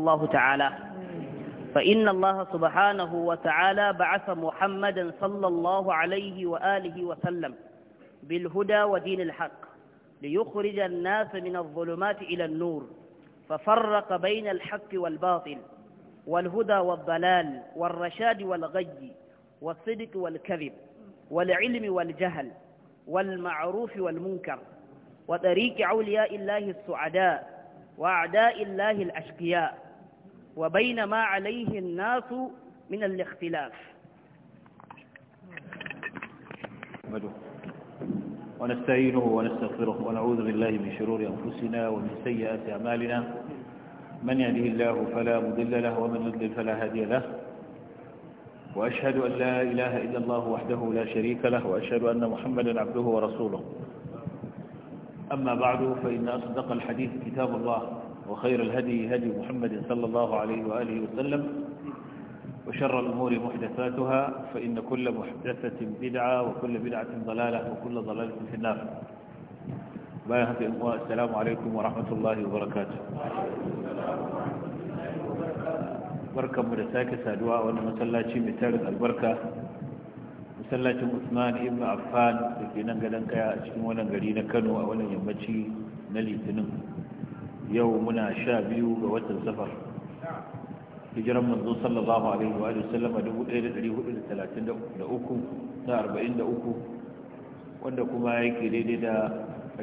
الله تعالى فإن الله سبحانه وتعالى بعث محمدا صلى الله عليه وآله وسلم بالهدى ودين الحق ليخرج الناس من الظلمات إلى النور ففرق بين الحق والباطل والهدى والضلال والرشاد والغي والصدق والكذب والعلم والجهل والمعروف والمنكر وطريق عولياء الله السعداء وأعداء الله الأشقياء وبين ما عليه الناس من الاختلاف ونستعينه ونستغفره ونعوذ بالله من شرور أنفسنا ومن سيئات أعمالنا من يهده الله فلا مضل له ومن يضلل فلا هادي له وأشهد أن لا إله إلا الله وحده لا شريك له وأشهد أن محمدا عبده ورسوله أما بعد فإن أصدق الحديث كتاب الله وخير الهدي هدي محمد صلى الله عليه وآله وسلم وشر الأمور محدثاتها فإن كل محدثة بدعة وكل بدعة ضلالة وكل ضلالة في النار السلام عليكم ورحمة الله وبركاته بركة مدساك سادعاء وأن مسلاتي مثال البركة مسلاتي مثمان ابن عفان لكي ننقل أنك يا أشكم قرينا كانوا أولا يمتشي نلي تنم yau muna sha biyu ga watan safar hijiran manzo sallallahu alaihi wa sallama 1433 da 43 wanda kuma yake daidai da 20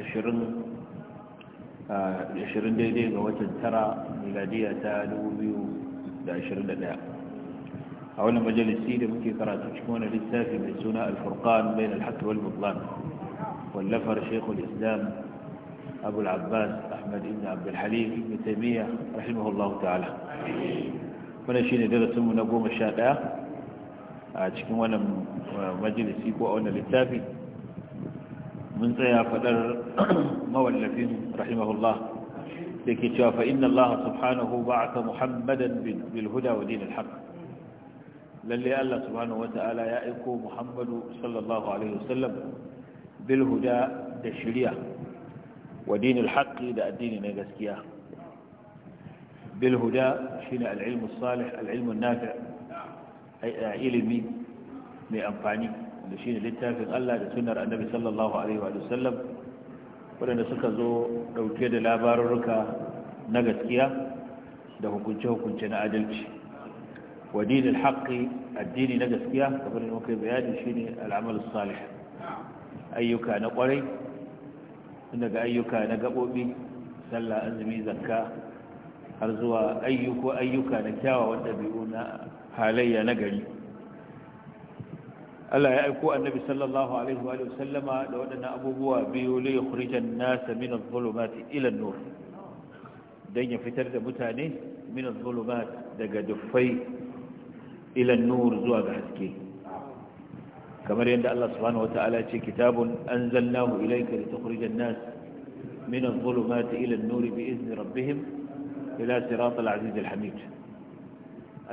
daidai ga watan tara miladiya ta 2021 a wannan majalisi da muke karatu cikin wani littafi mai suna alfurkan bain alhaq wal mudlan wallafar shaykhul islam أبو العباس أحمد بن عبد الحليم بن تيمية رحمه الله تعالى ونشينا درسهم ونقوم الشاطئه اشكو انا مجلسي وانا للتافي من زي ي ا ف مولفين رحمه الله لكتاب ف إ الله سبحانه بعث محمدا بالهدى ودين الحق للي قال الله سبحانه وتعالى يائكو محمد صلى الله عليه وسلم بالهدى د wa dinil haqqi da addini na gaskiya bil huda shine al ilmu salih al ilmu nafi ilimi mai amfani da shine littafin Allah da sunnar annabi sallallahu alaihi waɗanda suka zo ɗauke da labarurruka na gaskiya da hukunce-hukunce na adalci wa dinin haƙƙi addini na gaskiya kamar bayani shine al'amal salih na kwarai. daga ayyuka na gaɓoɓi sallah azumi zakka har zuwa ayyuko ayyuka na kyawawan ɗabi'u na halayya na gari Allah ya aiko annabi sallallahu alaihi wa sallama da waɗannan abubuwa biyu li yukhrijan nasa min adh-dhulumati ila an-nur dan ya fitar da mutane min adh-dhulumat daga duffai ila an-nur zuwa ga haske kamar yadda Allah subhanahu wata'ala ce kitabun anzalnahu ilayka litukhrijan nas min adh-dhulumati ila an-nur bi izni rabbihim ila siratal aziz al-hamid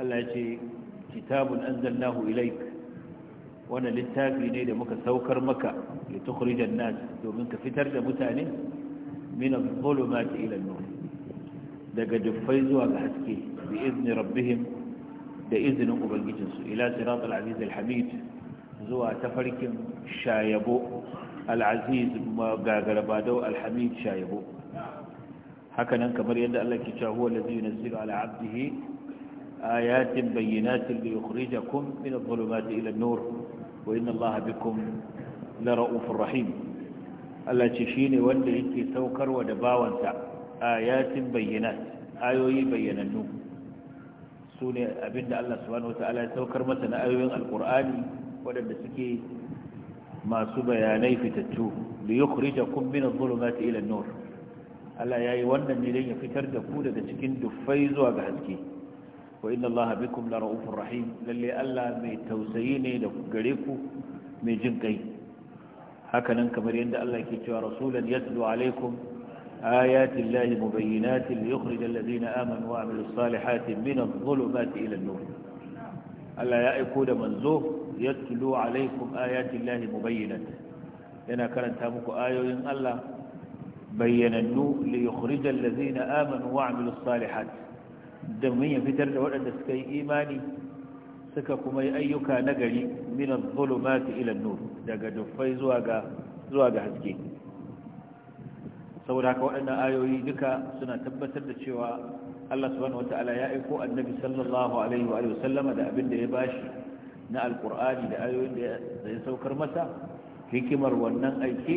Allah ya ce kitabun anzalnahu ilayka wani littafi ne da muka saukar maka litukhrijan nas domin ka fitar da mutane min adh-dhulumati ila an-nur daga duffai zuwa ga haske bi izni rabbihim da izinin ubangijinsu ila siratal aziz al-hamid zuwa tafarkin shayabo al'aziz gagarabadau alhamid shayabo hakanan kamar yadda Allah ke cewa huwa allazi yunzilu ala abdihi ayatin bayyinatin li yukhrijakum min adh-dhulumati ila an-nur wa inna Allaha bikum la ra'ufur rahim Allah ce shine wanda yake saukarwa da bawansa ayatin bayyinat ayoyi bayyanannu sune abinda Allah subhanahu wa ta'ala ya saukar masa na ayoyin alqur'ani waɗanda suke masu bayanai fitattu da ya kurita kumbin zulumati ila nur Allah ya yi wannan ne don ya fitar da ku daga cikin duffai zuwa ga haske wa inna Allah bikum la ra'ufur rahim lalle Allah mai tausayi ne da gare ku mai jin kai nan kamar yadda Allah ke cewa rasulan yatlu alaikum ayati Allah mubayyinatin liyukhrijal ladina amanu wa amilus salihati min adh-dhulumati ila an-nur Allah ya aiko da manzo yatlu alaikum ayati llahi mubayyinat yana karanta muku ayoyin Allah bayyanannu li yukhrija allazina amanu wa amilus salihat domin ya fitar da waɗanda suka yi imani suka kuma yi ayyuka nagari min adh-dhulumati ila an-nur daga dufai zuwa ga zuwa ga haske saboda haka waɗannan ayoyi duka suna tabbatar da cewa Allah subhanahu wata'ala ya aiko annabi sallallahu alaihi wa sallama da abin da ya bashi na alkur'ani da ayoyin da zai saukar masa hikimar wannan aiki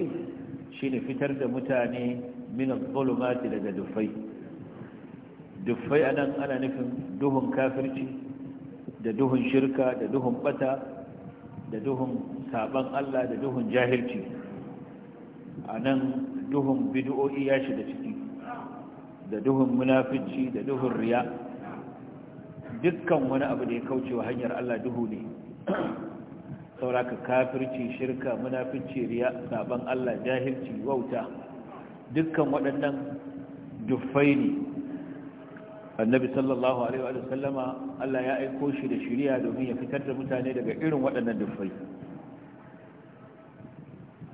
shine fitar da mutane min al-zulumati daga dufai dufai anan ana nufin duhun kafirci da duhun shirka da duhun bata da duhun saban Allah da duhun jahilci anan duhun bid'o'i ya shiga ciki da duhun munafici da duhun riya dukkan wani abu da ya kauce wa hanyar Allah duhu ne sauraka kafirci shirka munafici riya saban Allah jahilci wauta dukkan waɗannan duffai ne annabi sallallahu alaihi wa sallama Allah ya aiko shi da shiriya domin ya fitar da mutane daga irin waɗannan duffai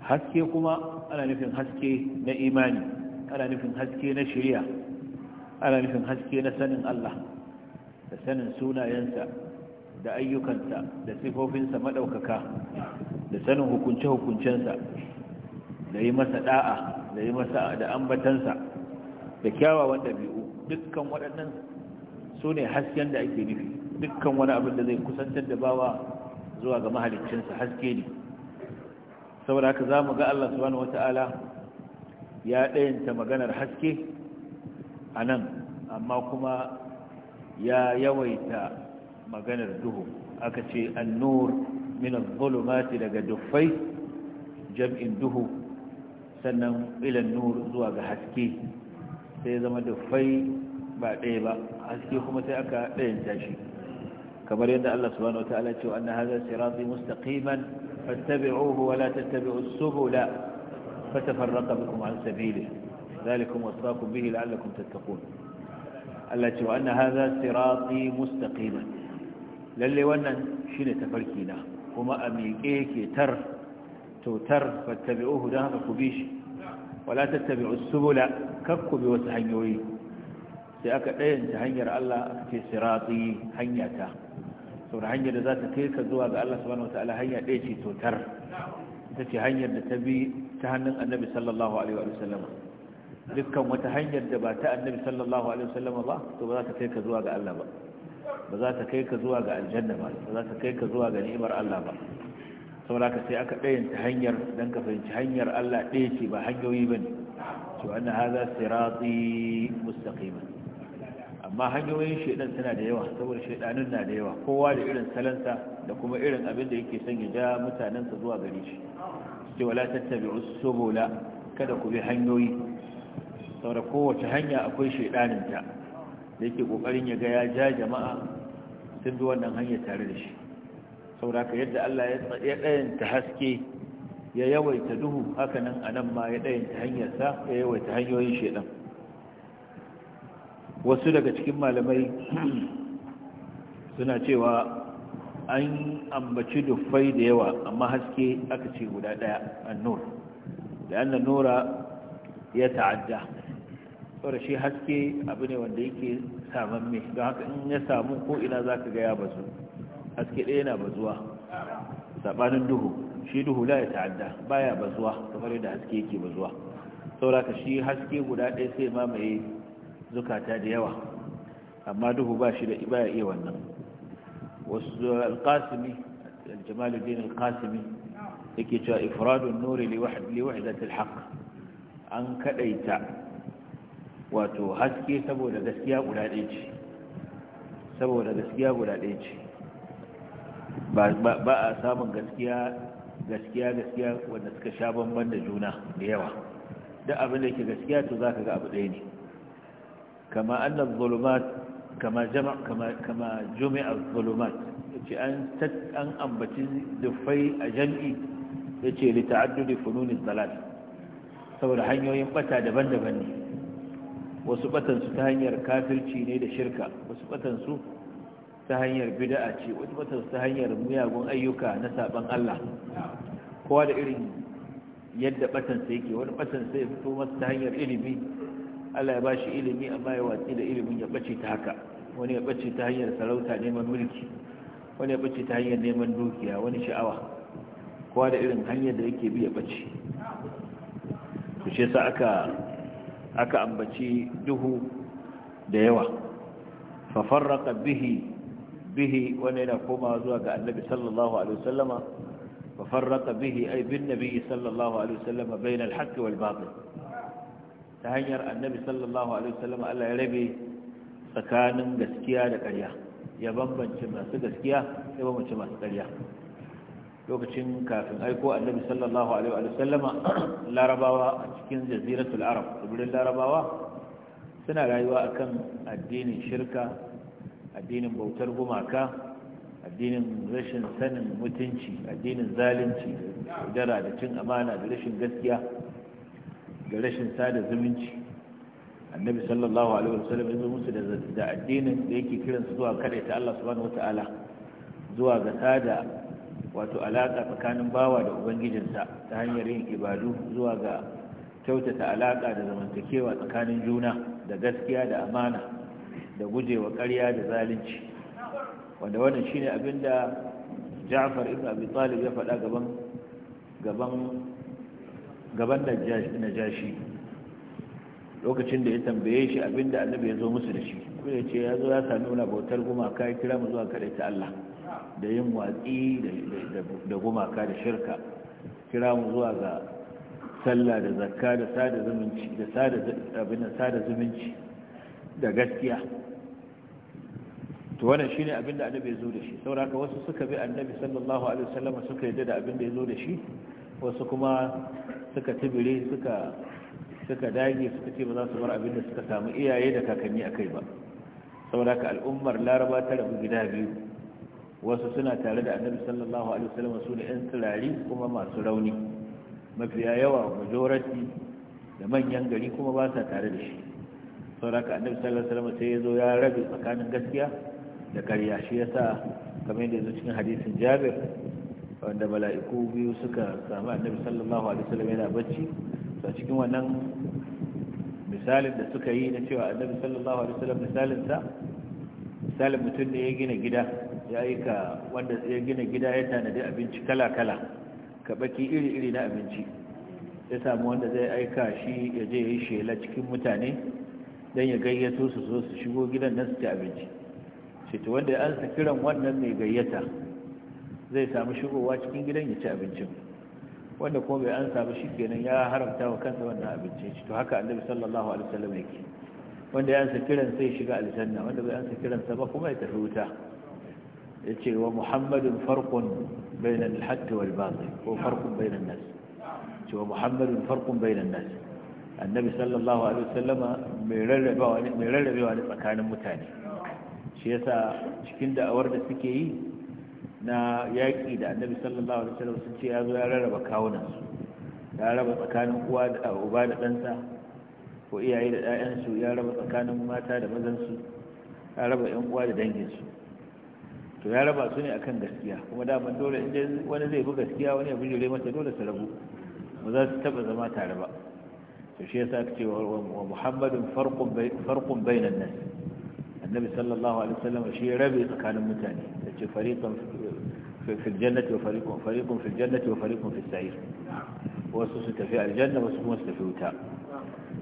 haske kuma ana nufin haske na imani ana nufin haske na shiriya ana nufin haske na sanin Allah da sanin sunayensa da ayyukansa da sifofinsa maɗaukaka da sanin hukunce-hukuncensa da yi masa ɗa'a da yi masa da ambatansa da kyawawan ɗabi'u dukkan waɗannan su ne hasken da ake nufi dukkan wani abin da zai kusantar da bawa zuwa ga mahaliccinsa haske ne saboda haka za mu ga Allah subhanahu wata'ala ya ɗayanta maganar haske a nan amma kuma ya yawaita maganar duhu aka ce annur min al-zulumati daga duffai jam'in duhu sannan ila nur zuwa ga haske sai zama duffai ba ɗaya ba haske kuma sai aka ɗayan tashi kamar yadda Allah subhanahu wataala ce anna hadha sirati mustaqiman fattabi'uhu wa la tattabi'us subula fatafarraqa bikum an sabilihi ذلكم وصاكم به لعلكم تتقون التي وأن هذا صراطي مستقيما lalle wannan shi shine tafarki na kuma a miƙe ke tar to tar fattabi'uhu dan haka ku bi shi wala tattabi'u subula kak ku bi wasu hanyoyi sai aka ɗayanta hanyar Allah aka ce sirati hanyata saboda hanyar da za ta kai ka zuwa ga Allah subhanahu wataala hanya ɗaya ce tautar tar ita ce hanyar da ta bi ta hannun annabi sallallahu alaihi wa sallama dukkan wata hanyar da ba ta annabi sallallahu alaihi wa sallama ba to ba za ta kai ka zuwa ga Allah ba ba za ta kai ka zuwa ga aljanna ba ba za ta kai ka zuwa ga ni'imar Allah ba saboda ka sai aka ɗayan ta hanyar dan ka fahimci hanyar Allah ɗaya ce ba hanyoyi ba ne to anna hadha sirati mustaqiman amma hanyoyin shedan suna da yawa saboda shedanun na da yawa kowa da irin salansa da kuma irin abin da yake son ya ja mutanensa zuwa gare shi ce wala tattabi'us subula kada ku bi hanyoyi saboda kowace hanya akwai ta da yake kokarin ya ga ya ja jama'a sun bi wannan hanyar tare da shi sauraka yadda Allah ya ta haske ya yawaita duhu hakanan a nan ma ya ɗayanta hanyarsa ya yawaita hanyoyin shaidan wasu daga cikin malamai suna cewa an ambaci dufai da yawa amma haske aka ce guda ɗaya annur da annan nura ya ta'adda saboda shi haske abu ne wanda yake saman mai don haka in ya samu ko ina za ka gaya bazu haske ɗaya na bazuwa saɓanin duhu shi duhu la ya ta'adda baya bazuwa kamar yadda haske yake bazuwa saboda ka shi haske guda ɗaya sai mamaye zukata da yawa amma duhu ba shi da baya iya wannan wasu alƙasimi din alƙasimi yake cewa ifradun nuri liwahidatul haqq an kadaita wato haske saboda gaskiya guda ɗaya ce saboda gaskiya guda ɗaya ce ba a samun gaskiya gaskiya gaskiya wanda suka sha bamban da juna da yawa duk abin da ke gaskiya to za ka ga abu ɗaya ne kama annan zulumat kama jama kama jumi'a zulumat yace an an ambaci dufai a jam'i yace li ta'addudi fununi salat saboda hanyoyin bata daban-daban ne wasu batansu ta hanyar kafirci ne da shirka wasu batansu ta hanyar bida'a ce wasu batansu ta hanyar miyagun ayyuka na saban Allah kowa da irin yadda batansa yake wani batansa ya fito masa ta hanyar ilimi Allah ya bashi ilimi amma ya watsi da ilimin ya bace ta haka wani ya bace ta hanyar sarauta neman mulki wani ya bace ta hanyar neman dukiya wani sha'awa kowa da irin hanyar da yake bi ya bace ku shi sa aka aka ambaci duhu da yawa fafarraka bihi bihi wani yana komawa zuwa ga annabi sallallahu alaihi wasallama fafarraka bihi ay bin nabi sallallahu alaihi wasallama bain al wal batil ta hanyar annabi sallallahu alaihi wasallama Allah ya rabe tsakanin gaskiya da ƙarya ya bambance masu gaskiya ya bambance masu ƙarya lokacin kafin aiko annabi sallallahu alaihi wa sallama larabawa a cikin jaziratul arab larabawa suna rayuwa akan addinin shirka addinin bautar gumaka addinin rashin sanin mutunci addinin zalunci dara da cin amana da rashin gaskiya da rashin sada zumunci annabi sallallahu alaihi wa ya zo musu da addinin da yake kiransu zuwa kadaita Allah subhanahu wataala zuwa ga sada wato alaƙa tsakanin bawa da ubangijinsa ta hanyar yin ibadu zuwa ga kyautata alaƙa da zamantakewa tsakanin juna da gaskiya da amana da gujewa ƙarya da zalunci wanda wannan shine abin da Ja'far ibn Abi Talib ya faɗa gaban gaban gaban Najashi lokacin da ya tambaye shi abin da Annabi ya zo musu da shi kuma ya ce ya zo ya sami wani bautar gumaka ya kira mu zuwa kaɗai ta Allah da yin watsi da gumaka da shirka kira mu zuwa ga sallah da zakka da sada zumunci da sada zumunci da gaskiya to wannan shine abin da annabi ya zo da shi sauraka wasu suka bi annabi sallallahu alaihi wasallam suka yadda da abin da ya zo da shi wasu kuma suka tibire suka suka dage suka ce ba za su bar abin da suka samu iyaye da kakanni akai ba ka al'ummar laraba ta rabu gida biyu wasu suna tare da annabi sallallahu alaihi wasallam su da yan tsirari kuma masu rauni mafiya yawa majorati da manyan gari kuma ba sa tare da shi sauraka annabi sallallahu alaihi wasallam sai ya zo ya rabe tsakanin gaskiya da ƙarya shi yasa kamar yadda yanzu cikin hadisin Jabir wanda mala'iku biyu suka samu annabi sallallahu alaihi wasallam yana bacci to cikin wannan misalin da suka yi na cewa annabi sallallahu alaihi wasallam misalin sa misalin mutum ne ya gina gida ya yi ka wanda ya gina gida ya tanadi abinci kala-kala ka baki iri-iri na abinci ya samu wanda zai aika shi ya je ya yi shela cikin mutane don ya gayyato su so su shigo gidan nan su ci abinci ce to wanda an su kiran wannan mai gayyata zai samu shigowa cikin gidan ya ci abincin wanda kuma bai an samu shi kenan ya haramta wa kansa wannan abinci ce to haka annabi sallallahu alaihi wasallam yake wanda ya an sa kiran sai shiga aljanna wanda bai an sa kiran sa ba kuma ya tafi wuta yace wa muhammadin farkon bayna al-hadd wal batil ko farkon bayna an-nas ce wa muhammadin farkon bayna an-nas annabi sallallahu alaihi wasallama mai rarrabewa ne ne tsakanin mutane shi yasa cikin da'awar da suke yi na yaƙi da annabi sallallahu alaihi wasallam sun ce ya zo ya rarraba kawunan su ya raba tsakanin uwa da uba da ɗansa ko iyaye da ɗayansu ya raba tsakanin mata da mazansu ya raba 'yan uwa da danginsu to ya raba su ne a kan gaskiya kuma daman dole inda wani zai bi gaskiya wani ya jure mata dole su rabu ba za su taba zama tare ba to shi yasa ake cewa wa muhammadin farqun bainan nas annabi sallallahu alaihi wasallam shi ya rabe tsakanin mutane da ce fariqan fil jannati wa fariqun fariqun fil jannati wa fariqun fis sa'ir wasu su tafi aljanna wasu kuma su tafi wuta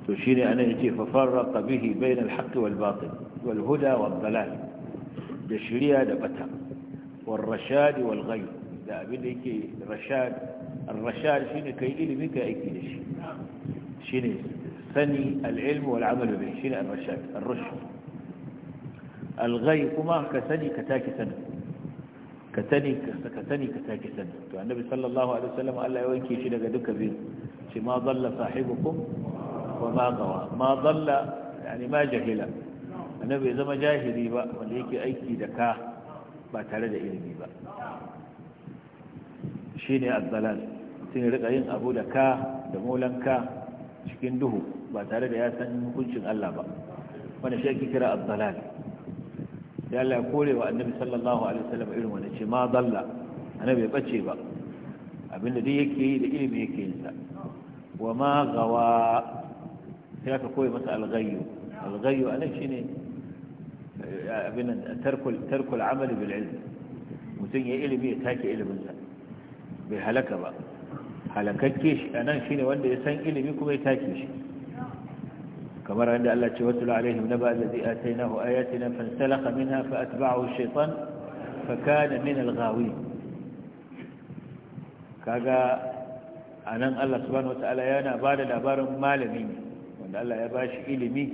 to shine anan yace fa farraqa bihi bainal haqqi wal batil wal huda wad dalal da shirya da bata warrashadi rashad da abin da yake rashad al rashad shine kai ilimi kai aiki da shi shine sani al ilm wal amal bi shine al rashad al rushd al ghayb kuma ka sani ka taki sani ka sani ka sani ka taki sani to annabi sallallahu alaihi wasallam Allah ya wanke shi daga duka biyu shi ma dalla sahibukum wa ma gawa ma dalla yani ma jahila Ana bai zama jahiri ba wanda yake aiki da ka ba tare da ilimi ba shi ne azalal sun ya rika yin abu da ka da molan ka cikin duhu ba tare da ya san hukuncin Allah ba wanda shi ake kira azalal ya Allah kore wa annabi sallallahu alaihi wasallam irin wanda ce ma dalla annabi bai bace ba abinda dai yake yi da ilimi yake yin sa wa ma gawa sai ka koyi masa alghayyu alghayyu anan shine abin tarkul amali bil ilm mutum ya ilimi ya take iliminsa bai halaka ba halakakke shi anan shine wanda ya san ilimi kuma ya take shi kamar inda Allah ce wasu alaihim naba alladhi atainahu ayatina fansalakha minha fa atba'ahu ash-shaytan fa kana min al-ghawin kaga anan Allah subhanahu wataala yana bada labarin malami wanda Allah ya bashi ilimi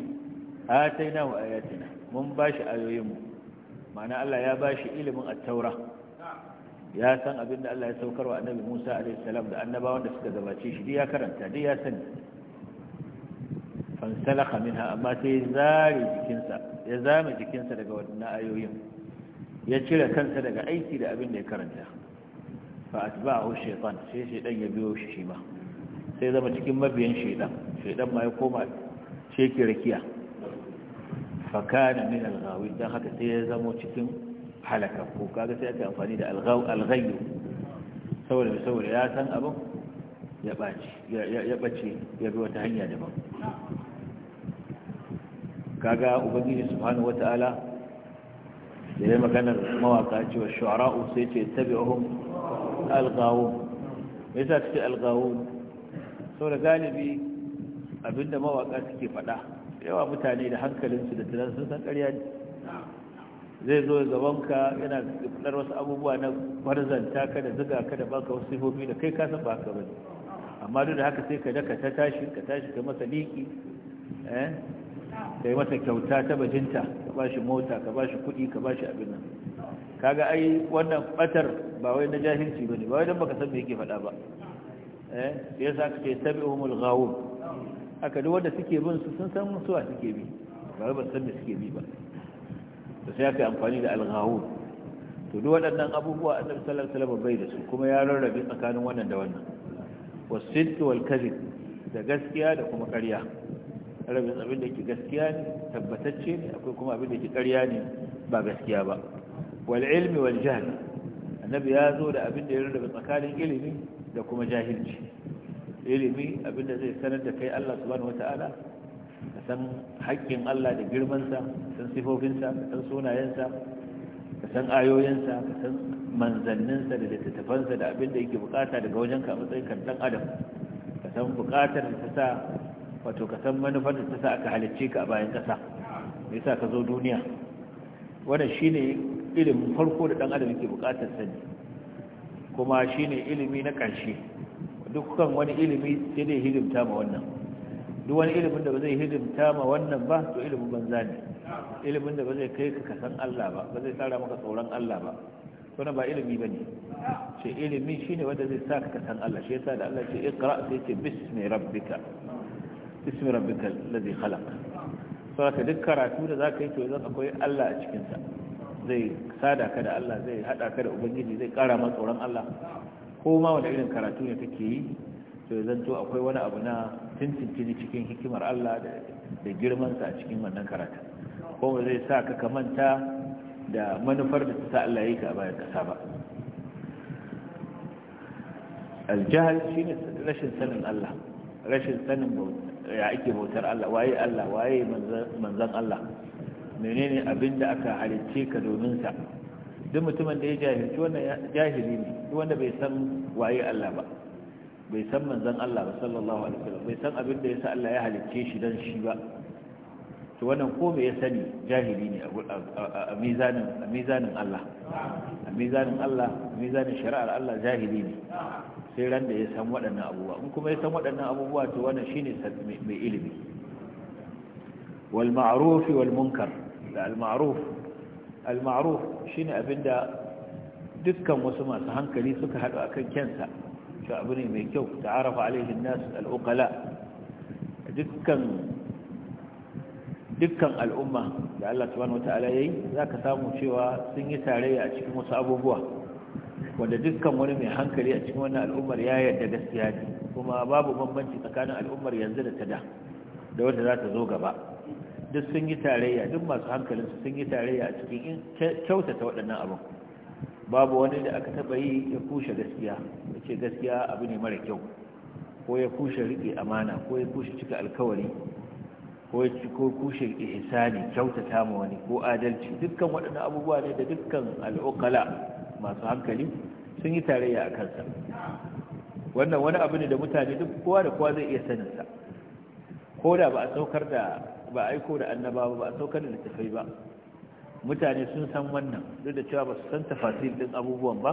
atainahu ayatina mun ba shi ayoyinmu Mana Allah ya ba shi ilimin attaura ya san abin da Allah ya saukar wa annabi Musa alaihi salam da annabawan da suka gabace shi ya karanta dai ya sani fansalakha minha amma sai ya zare jikinsa ya zame jikinsa daga wannan ayoyin ya cire kansa daga aiki da abin da ya karanta fa atba'ahu shaytan sai shaytan ya biyo shi shi ma sai zama cikin mabiyan shaytan Shaidan ma ya koma rakiya fakana min alghawi dan haka sai ya zamo cikin halaka ko kaga sai aka amfani da alghaw alghayyu saboda saboda ya san abin ya bace ya bace ya bi wata hanya daban kaga ubangiji subhanahu wataala da ya maganar mawaka cewa shu'ara'u sai ce tabi'uhum alghawun me yasa kace alghawun saboda galibi abinda mawaka suke faɗa yawa mutane da hankalinsu da tunan sun san karya ne zai zo gabanka yana fadar wasu abubuwa na barzanta ka da ziga ka da baka wasu sifofi da kai kasan ba ka bane amma duk da haka sai ka daka ta tashi ka tashi ka masa liki eh yi masa kyauta ta bajinta ka bashi mota ka bashi kuɗi ka bashi abin nan kaga ai wannan batar ba wai na jahilci bane ba wai dan baka san me yake faɗa ba eh yasa ka ce tabi'umul ghawun aka da wanda suke bin su sun san musuwa suke bi ba ba san da suke bi ba da sai aka amfani da alghawun to duk waɗannan abubuwa annabi sallallahu alaihi wasallam bai da su kuma ya rarrabe tsakanin wannan da wannan wasidq wal kadhib da gaskiya da kuma ƙarya rarrabe abin da ke gaskiya ne tabbatacce ne akwai kuma abin da ke ƙarya ne ba gaskiya ba wal ilmi wal jahl annabi ya zo da abin da ya rarrabe tsakanin ilimi da kuma jahilci ilimi abinda zai sanar da kai Allah subhanahu wata'ala ka san haƙƙin Allah da girmansa ka san sifofinsa ka san sunayensa ka san ayoyinsa ka san manzanninsa da littattafansa da abinda yake bukata daga wajen ka matsayin kan dan adam ka san bukatar da ta sa wato ka san manufar da ta sa aka halicce ka a bayan ƙasa me yasa ka zo duniya wannan shine ilimin farko da dan adam yake bukatar sani kuma shine ilimi na ƙarshe dukkan wani ilimi sai dai hidimta ma wannan duk wani ilimin da ba zai hidimta ma wannan ba to ilimin banza ne ilimin da ba zai kai ka kasan Allah ba ba zai tsara maka tsoron Allah ba wannan ba ilimi bane ce ilimi shine wanda zai sa ka kasan Allah shi yasa da Allah ce iqra sai ce bismi rabbika bismi rabbika alladhi khalaq ka duk karatu da zaka yi to yanzu akwai Allah a cikin sa zai sada ka da Allah zai hada ka da ubangiji zai kara ma tsoron Allah ko ma wani irin karatu ne kake yi to to akwai wani abu na tintintini cikin hikimar Allah da girmansa a cikin wannan karatu kuma zai sa ka kamanta da manufar da ta sa Allah ya yi ka a bayan kasa ba aljahal shi ne rashin sanin Allah rashin sanin ya ake bautar Allah waye Allah waye manzan Allah menene abin da aka halicce ka domin sa duk mutumin da ya jahilci wannan jahili ne wanda bai san waye Allah ba bai san manzon Allah ba sallallahu alaihi wasallam bai san abin da yasa Allah ya halicce shi dan shi ba to wannan ko me ya sani jahili ne a mizanin a mizanin Allah a mizanin Allah a mizanin shari'ar Allah jahili ne sai ran da ya san waɗannan abubuwa in kuma ya san waɗannan abubuwa to wannan shine mai ilimi wal ma'ruf wal munkar da al ma'ruf al-ma'ruf shine abinda dukkan wasu masu hankali suka a kan kansa shi abu ne mai kyau ta'arafa alaihi an-nas al dukkan dukkan al'umma da Allah subhanahu wata'ala yayi zaka samu cewa sun yi tarayya a cikin wasu abubuwa wanda dukkan wani mai hankali a cikin wannan al'ummar ya yarda gaskiya ne kuma babu bambanci tsakanin al'ummar yanzu da ta da da wanda za ta zo gaba duk sun yi tarayya duk masu hankalin sun yi tarayya a cikin in kyautata waɗannan abin babu wani da aka taɓa yi ya kushe gaskiya ya ce gaskiya abu ne mara kyau ko ya kushe riƙe amana ko ya kushe cika alkawari ko ko kushe ihsani kyautata ma wani ko adalci dukkan waɗannan abubuwa ne da dukkan al'ukala masu hankali sun yi tarayya a kansa wannan wani abu ne da mutane duk kowa da kowa zai iya sanin sa ko da ba a saukar da ba aiko da annabawa ba a saukar da littafai ba mutane sun san wannan duk da cewa ba su san tafasir din abubuwan ba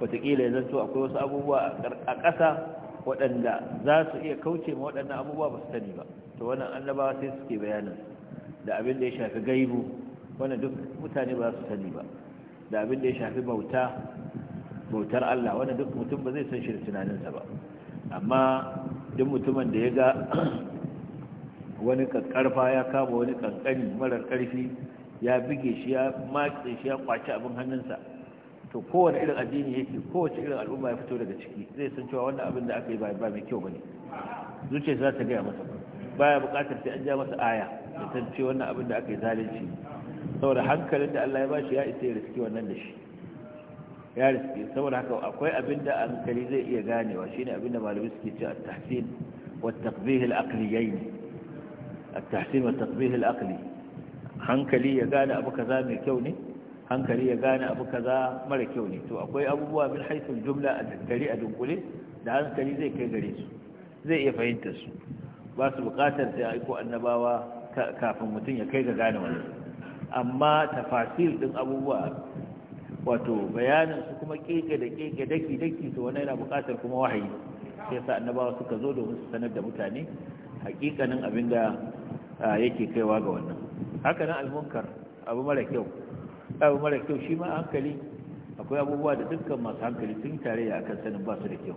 wataƙila ya zanto akwai wasu abubuwa a ƙasa waɗanda za su iya kauce ma waɗannan abubuwa ba su sani ba to wannan annabawa sai suke bayanin da abin da ya shafi gaibu wanda duk mutane ba su sani ba da abin da ya shafi bauta bautar Allah wanda duk mutum ba zai san shi da tunaninsa ba amma duk mutumin da ya ga wani kankarfa ya kama wani kankani marar karfi ya bige shi ya matse shi ya kwaci abin hannunsa to kowane irin addini yake kowace irin al'umma ya fito daga ciki zai san cewa wannan abin da aka yi ba mai kyau bane zuciya za ta gaya masa baya bukatar sai an ja masa aya da san ce wannan abin da aka yi zalunci saboda hankalin da Allah ya bashi ya isa ya riski wannan da shi ya riski saboda haka akwai abin da hankali zai iya ganewa shine abin da malamai suke cewa at-tahsin wa at-taqbih al-aqliyayn التحسين والتطبيه الأقلي hankali ya gane abu kaza mai kyau ne hankali ya gane abu kaza mara kyau ne to akwai abubuwa min haithul jumla a gari a dunkule da hankali zai kai gare su zai iya fahimtar su ba su bukatar sai aiko annabawa kafin mutum ya kai ga gane wani amma tafasir din abubuwa wato bayanin su kuma keke da keke daki daki to wannan yana bukatar kuma wahayi sai sa annabawa suka zo domin su sanar da mutane hakikanin abinda yake kaiwa ga wannan haka nan almunkar abu mara kyau abu mara kyau shi ma hankali akwai abubuwa da dukkan masu hankali sun tare a kan sanin ba su da kyau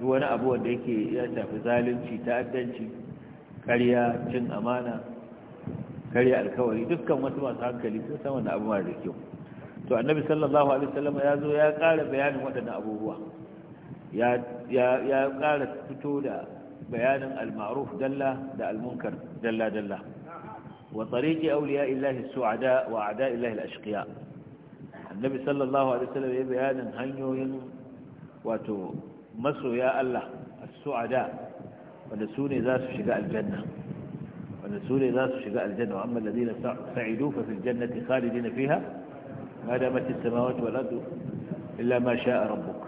duk wani abu wanda yake ya shafi zalunci ta'addanci ƙarya cin amana ƙarya alkawari dukkan wasu masu hankali sun san wannan abu mara da kyau to annabi sallallahu alaihi wasallam ya zo ya ƙara bayanin waɗannan abubuwa ya ya ya ƙara fito da bayanin almaruf maruf dalla da al-munkar dalla dalla wa tariqi awliya illahi su'ada wa a'da illahi al-ashqiya annabi sallallahu alaihi wasallam ya bayanin hanyoyin wato masoya Allah as-su'ada wanda su ne za su shiga aljanna wanda su ne za su shiga aljanna wa amma alladhina sa'idu fa fil jannati khalidina fiha ma damat as-samawati wal ardu illa ma sha'a rabbuk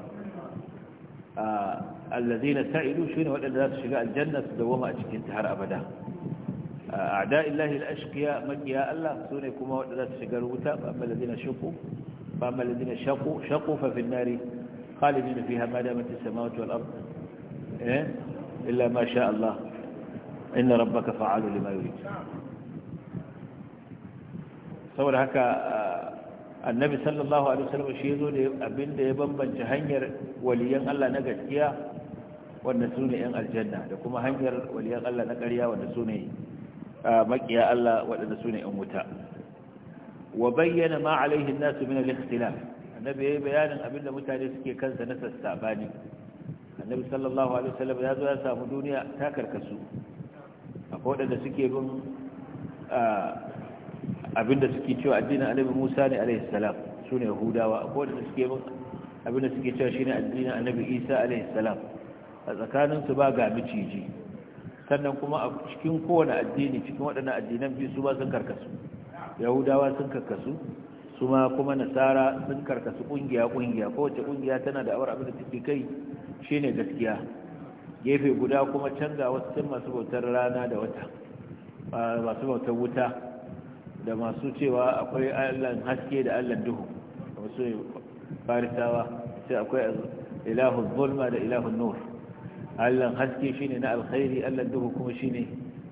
ah, الذين سائلوا شنو الذات شقاء الجنة سدوهم أشكي انتهر أبدا أعداء الله الأشقياء مجيها الله سون يكون الذات شقاء الوتا فأما الذين شقوا فأما الذين شقوا شقوا ففي النار خالدين فيها ما دامت السماوات والأرض إيه؟ إلا ما شاء الله إن ربك فعال لما يريد صور هكا آه، النبي صلى الله عليه وسلم شيدون أبن ديبن بن جهنير وليان الله نقاش إياه wannan su ne yan aljanna da kuma hanyar waliyan Allah na ƙarya wanda su ne maƙiya Allah waɗanda su ne yan wuta wa bayyana ma alaihi nasu min al-ikhtilaf annabi yayi bayanin abinda mutane suke kansa na sassabani annabi sallallahu alaihi wasallam ya zo ya samu duniya ta karkasu akwai waɗanda suke bin abinda suke cewa addinin annabi Musa ne alaihi salam su sune Yahudawa akwai waɗanda suke bin abinda suke cewa shine addinin annabi Isa alaihi salam a tsakaninsu ba ga miciji sannan kuma a cikin kowane addini cikin waɗannan addinan biyu su ba sun karkasu yahudawa sun karkasu su ma kuma nasara sun karkasu ƙungiya-ƙungiya kowace ƙungiya tana da awar abin da take kai shine gaskiya gefe guda kuma canza wasu can masu bautar rana da wata masu bautar wuta da masu cewa akwai allan haske da allan duhu masu farisawa sai akwai ilahun zulma da ilahun nur allan haske shi ne na alkhairi allan duhu kuma shi ne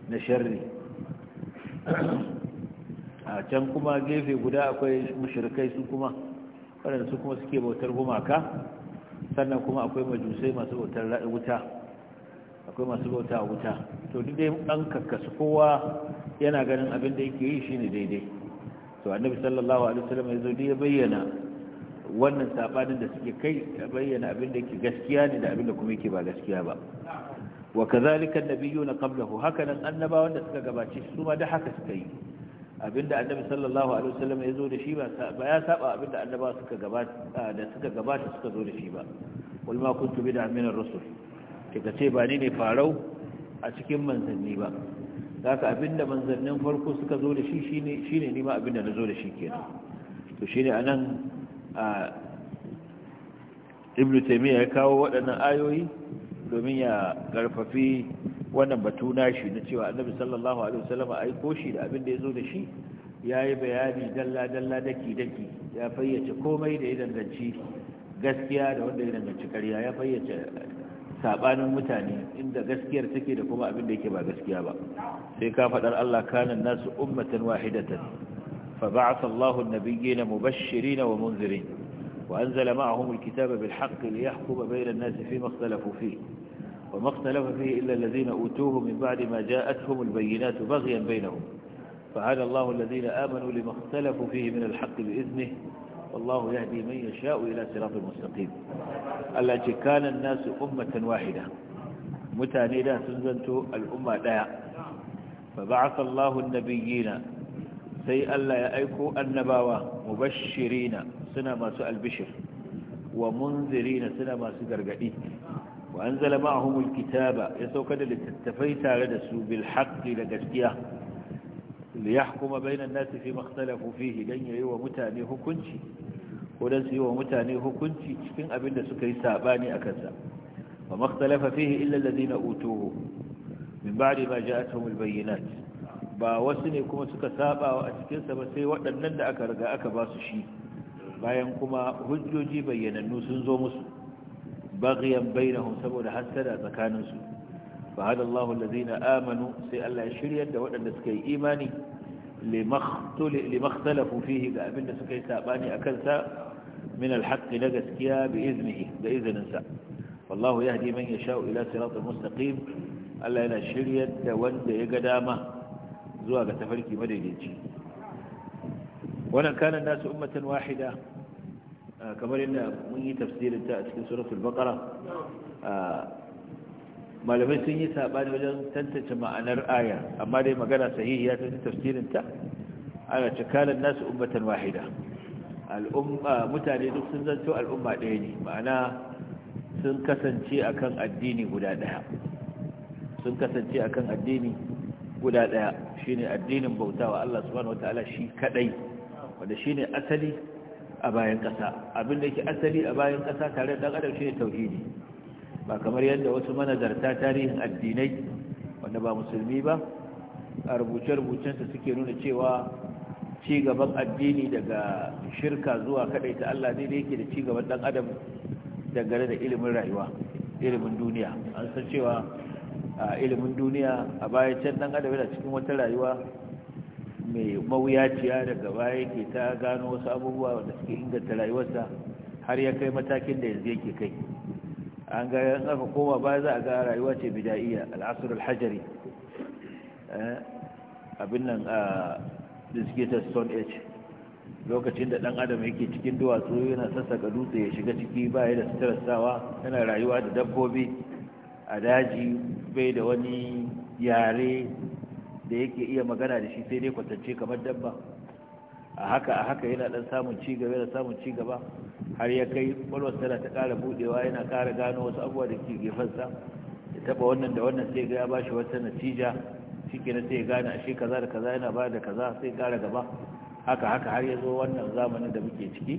na sharri a can kuma gefe guda akwai mushrikai su kuma waɗanda su kuma suke bautar gumaka sannan kuma akwai majusai masu bautar wuta akwai masu bauta wuta to duk dai an kakkasu kowa yana ganin abin da yake yi shine daidai to annabi sallallahu alaihi wasallam ya zo ya bayyana wannan sabanin da suke kai ta bayyana abin da ke gaskiya ne da abin da kuma yake ba gaskiya ba wa kazalika na qablahu hakanan annabawan da suka gabace su ma da haka suka yi abinda annabi sallallahu alaihi wasallam ya zo da shi ba ya saba abinda annabawa suka gabata da suka gabata suka zo da shi ba wal ma kuntu bid'a min ar-rusul ce ba ni ne farau a cikin manzanni ba zaka abinda manzannin farko suka zo da shi shine shine ni ma abinda na zo da shi kenan to shine anan a ibn ya kawo waɗannan ayoyi domin ya ƙarfafi wannan batu nashi na cewa annabi sallallahu alaihi wasallam aiko shi da abin da zo da shi yayi bayani dalla dalla daki daki ya fayyace komai da ya danganci gaskiya da wanda ya danganci ƙarya ya fayyace sabanin mutane inda gaskiyar take da kuma abin da yake ba gaskiya ba sai ka faɗar Allah kanan nasu ummatan wahidatan فبعث الله النبيين مبشرين ومنذرين وأنزل معهم الكتاب بالحق ليحكم بين الناس فيما اختلفوا فيه وما اختلف فيه إلا الذين أوتوه من بعد ما جاءتهم البينات بغيا بينهم فعاد الله الذين آمنوا لما اختلفوا فيه من الحق بإذنه والله يهدي من يشاء إلى صراط مستقيم التي كان الناس أمة واحدة متانيدة سنزنت الأمة داع فبعث الله النبيين sai Allah ya aiko annabawa mubashirina suna masu albishir wa munzirina suna masu gargadi wa a ma'ahumul kitaba ya sauka da littattafai tare da su bil da gaskiya li kuma bainan nasi fi makhtalafu fihi dan yayi wa mutane hukunci ko su yi wa mutane hukunci cikin abin da suka yi sabani a kansa. wa makhtalafa fihi illa alladhina utuhu min ba'di ma ja'atuhumul bayyinat ba wasu ne kuma suka sabawa a cikinsa ba sai waɗannan da aka riga aka ba su shi bayan kuma hujjoji bayyanannu sun zo musu bagiyan bainahum saboda hasada tsakaninsu fa hada Allahu allazina amanu sai Allah ya shirya da waɗanda suka yi imani limakhtalafu fihi ga abinda suka yi sabani akan sa min alhaqqi na gaskiya bi iznihi da izininsa wallahu yahdi man yasha'u ila siratal mustaqim Allah yana shiryar da wanda ya ga dama zuwa ga tafarki madaidaici wannan kanan nasu ummatan wahida kamar yadda mun yi tafsirin ta a cikin suratul baqara malamai sun yi sabani wajen tantance ma'anar aya amma dai magana ya tafi tafsirin ta ana cikalan nasu ummatan wahida mutane duk sun zanto al'umma ɗaya ne ma'ana sun kasance akan addini guda ɗaya sun kasance akan addini guda ɗaya shi ne addinin bautawa Allah subhanahu wataala shi kadai shi ne asali a bayan ƙasa abin da yake asali a bayan ƙasa tare da ɗan adam ne tauhidi ba kamar yadda wasu manazarta tarihin addinai wanda ba musulmi ba a rubuce-rubucensa suke nuna cewa ci gaban addini daga shirka zuwa kaɗai ta Allah ne yake da ci gaban ɗan adam dangane da ilimin rayuwa ilimin duniya an san cewa a ilimin duniya a baya can dan adam yana cikin wata rayuwa mai mawuyaciya daga baya ke ta gano wasu abubuwa wanda suke inganta rayuwarsa har ya kai matakin da yanzu yake kai an ga yan aka koma baya za a ga rayuwa ce bida'iyya al'asr al-hajari eh, abin nan a disgated stone age lokacin da dan adam yake cikin duwatsu yana sassaka dutse ya shiga ciki baya da sutura sawa yana rayuwa da dabbobi a daji bai da wani yare da yake iya magana da shi sai dai kwatance kamar dabba a haka a haka yana dan samun ci gaba yana samun ci gaba har ya kai kwalwar tana ta kara budewa yana kara gano wasu abubuwa da ke gefensa ya taba wannan da wannan sai ga ya bashi wata natija shike na sai ya gane ashe kaza da kaza yana ba da kaza sai kara gaba haka haka har ya zo wannan zamanin da muke ciki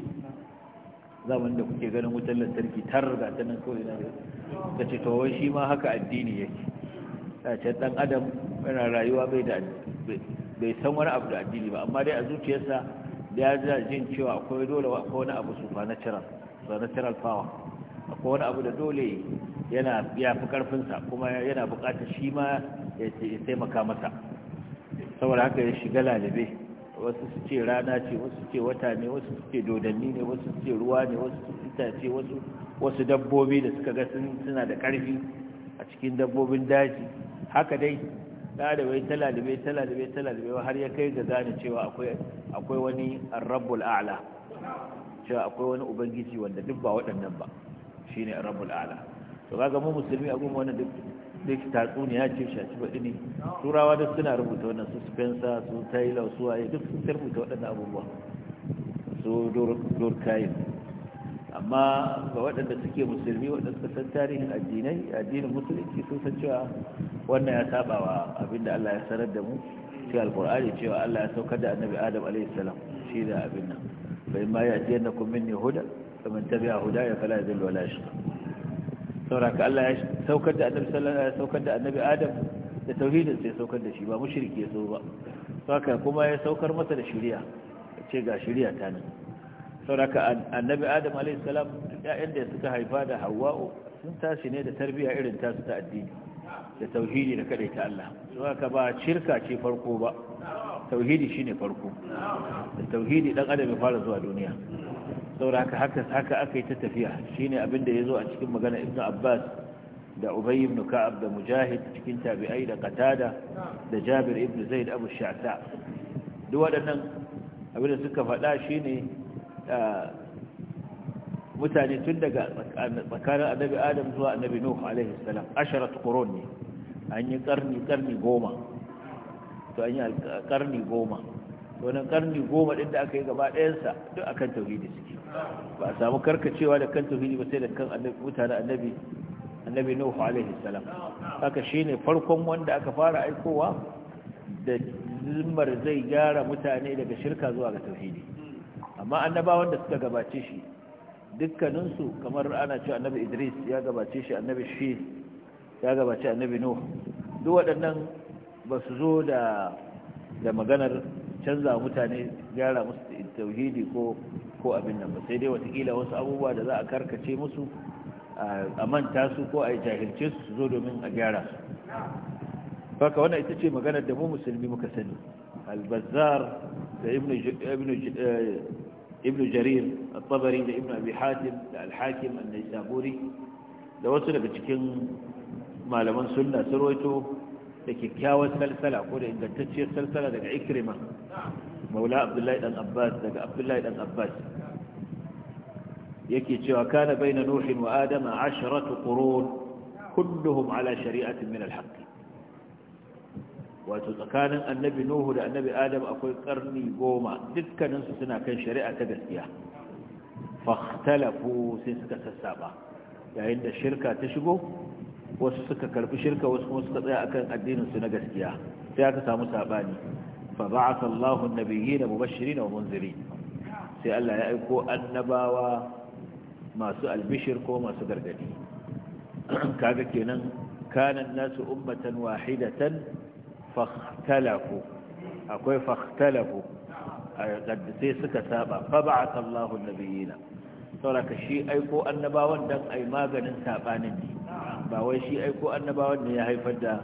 zamanin da kuke ganin wutar lantarki tar ga ta nan na ina ka ce to wai shi ma haka addini yake a ce dan adam yana rayuwa bai da bai san wani abu da addini ba amma dai a zuciyarsa ya ji jin cewa akwai dole akwai wani abu su na supernatural power akwai wani abu da dole yana ya fi karfinsa kuma yana bukatar shi ma ya taimaka masa saboda haka ya shiga lalabe wasu su ce rana ce wasu ce wata ne wasu su ce dodanni ne wasu su ce ruwa ne wasu su itace wasu wasu dabbobi da suka ga suna da ƙarfi a cikin dabbobin daji haka dai da ɗalibai talalibai talalibai talalibai har ya kai ga gane cewa akwai wani rabbul a'la cewa akwai wani ubangiji wanda duk ba waɗannan ba shine rabbul a'la to kaga mu musulmi a gurin wannan duk da ke ya ce shaci baɗi ne turawa duk suna rubuta wannan su spencer su taylor su waye duk sun rubuta waɗannan abubuwa su durkayin amma ga waɗanda suke musulmi waɗanda suka san tarihin addinai addinin musulunci sun san cewa wannan ya saba wa abinda Allah ya sanar da mu cikin alkur'ani cewa Allah ya saukar da annabi adam alaihi salam shi da abin nan bai ma ya ji yadda kun minni huda kamar tabi'a huda ya fala zai wala shi sauraka Allah ya saukar da annabi sallallahu alaihi saukar da annabi Adam da tauhidin sai saukar da shi ba mushriki yaso ba sauraka kuma ya saukar masa da shari'a ce ga shari'a ta nan sauraka annabi Adam alaihi salam ƴaƴan da suka haifa da Hawwa'u sun tashi ne da tarbiyya irin tasu ta addini da tauhidi da kadai ta Allah sauraka ba shirka ce farko ba tauhidi shine farko da tauhidi dan adam ya fara zuwa duniya saboda haka haka aka yi ta tafiya shine abinda ya yazo a cikin magana ibnu abbas da ubay ibn ka'ab da mujahid cikin tabi'ai da qatada da jabir ibn zaid abu Shata. duk waɗannan abinda suka faɗa shine mutane tun daga tsakanin annabi adam zuwa annabi nuhu alaihi salam asharat qurun ne an yi karni karni goma to an yi karni goma wani karni goma ɗin da aka yi gaba ɗayansa duk a kan tauhidi suke ba a samu karkacewa da kan tauhidi ba sai da kan mutane annabi annabi nuhu alaihi salam haka shine farkon wanda aka fara aikowa da zimmar zai gyara mutane daga shirka zuwa ga tauhidi amma annaba wanda suka gabace shi dukkaninsu kamar ana cewa annabi idris ya gabace shi annabi shi ya gabace annabi nuhu duk waɗannan ba su zo da da maganar canza mutane gyara musu tauhidi ko ko abin nan ba sai dai watakila wasu abubuwa da za a karkace musu a manta su ko a yi jahilce su zo domin a gyara su haka wannan ita ce maganar da mu musulmi muka sani albazar da ibn eh, jarir al-tabari da ibn abi hatim da alhakim hakim an da wasu daga cikin malaman sunna sun da kyakkyawar salsala ko da ingantacciyar salsala daga ikrima maula abdullahi dan abbas daga abdullahi dan abbas yake cewa kana baina nuhin wa adama asharatu qurun kulluhum ala shari'atin min al-haqq wato tsakanin annabi nuhu da annabi adam akwai karni goma dukkaninsu suna kan shari'a ta gaskiya fakhtalafu sai suka sassaba yayin da shirka ta shigo wasu suka karbi shirka wasu kuma suka tsaya akan addinin su na gaskiya sai aka samu sabani fa ba'atha Allahu an-nabiyina mubashirin wa munzirin sai Allah ya aiko annabawa masu albishir ko masu gargadi kaga kenan kana nasu ummatan wahidatan fakhtalafu akwai fakhtalafu a sai suka saba fa ba'atha Allahu an-nabiyina sauraka shi aiko annabawan dan ai maganin sabanin ne ba wai shi aiko annabawan ne ya haifar da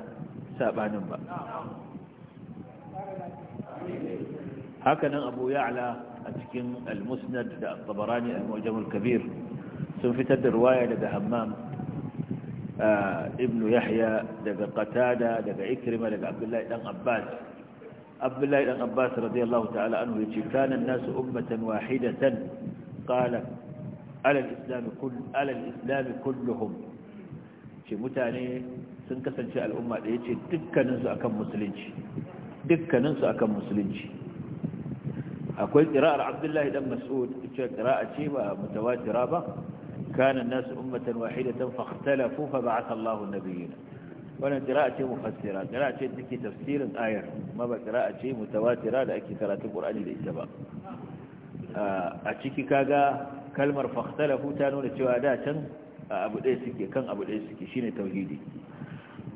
sabanin ba hakanan abu ya'la a cikin al-musnad da al-tabarani al-mu'jam al-kabir sun fitar da ruwaya daga hammam ibn yahya daga qatada daga ikrima daga abdullahi dan abbas abdullahi dan abbas radiyallahu ta'ala anhu yace kana an-nasu ummatan wahidatan qala alal islami kulluhum ce mutane sun kasance al'umma da ya ce dukkaninsu akan musulunci dukkaninsu akan musulunci akwai ƙira'ar abdullahi dan mas'ud ita ƙira'a ce ba mutawatira ba kana nasu ummatan wahidatan fahtalafu fa ba'atha Allahu nabiyina wannan ƙira'a ce mufassira ƙira'a ce take tafsirin ayar ma ba ƙira'a ce mutawatira da ake karatun Qur'ani da ita ba a ciki kaga kalmar fakhtalahu ta nuna cewa da can a abu ɗaya suke kan abu ɗaya suke shine tauhidi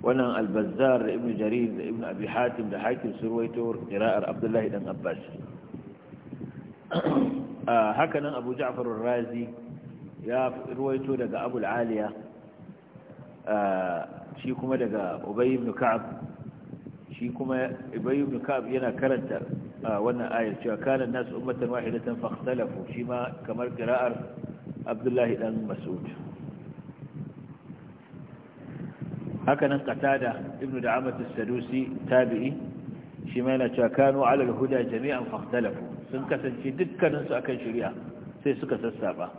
wannan albazar da ibn jarir da ibn abi hatim da hakim surwaito qira'ar abdullahi dan abbas haka nan abu ja'far ar-razi ya ruwaito daga abul aliya shi kuma daga ubay ibn ka'ab shi kuma ubay ibn ka'ab yana karanta wannan ayar cewa kana nasu ummatan wahidatan fakhtalafu shi ma kamar qira'ar Abdullahi dan Mas'ud haka nan ibn da as-sadusi tabi'i shi ma yana cewa kanu ala huda jami'an fakhtalafu sun kasance dukkaninsu akan shari'a sai suka sassaba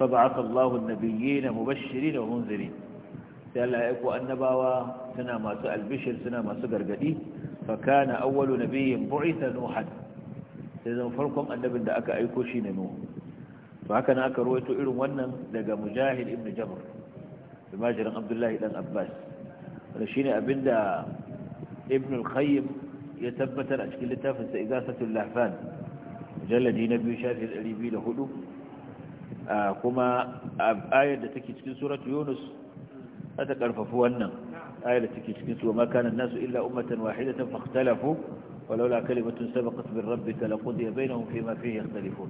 fa ba'atha Allahu an-nabiyyin mubashirin wa munzirin sai Allah ya aiko annabawa suna masu albishir suna masu gargadi fa kana awwalu nabiyyin bu'itha nuhan sai zan farkon annabin da aka aiko shi ne nuhu to haka na aka rawaito irin wannan daga mujahid ibn jabr majirin abdullahi dan abbas wanda shine abinda ibn al-qayyim ya tabbatar a cikin littafin sa igasatul lahfan mujalladi na biyu shafi 204 kuma ayar da take cikin surat yunus za ta karfafi wannan ayar da take cikin ta ma kana nasu illa ummatan wahidatan fahtalafu walaula kalimatun sabaqat min rabbika laqudiya bainahum fima fihi yakhtalifun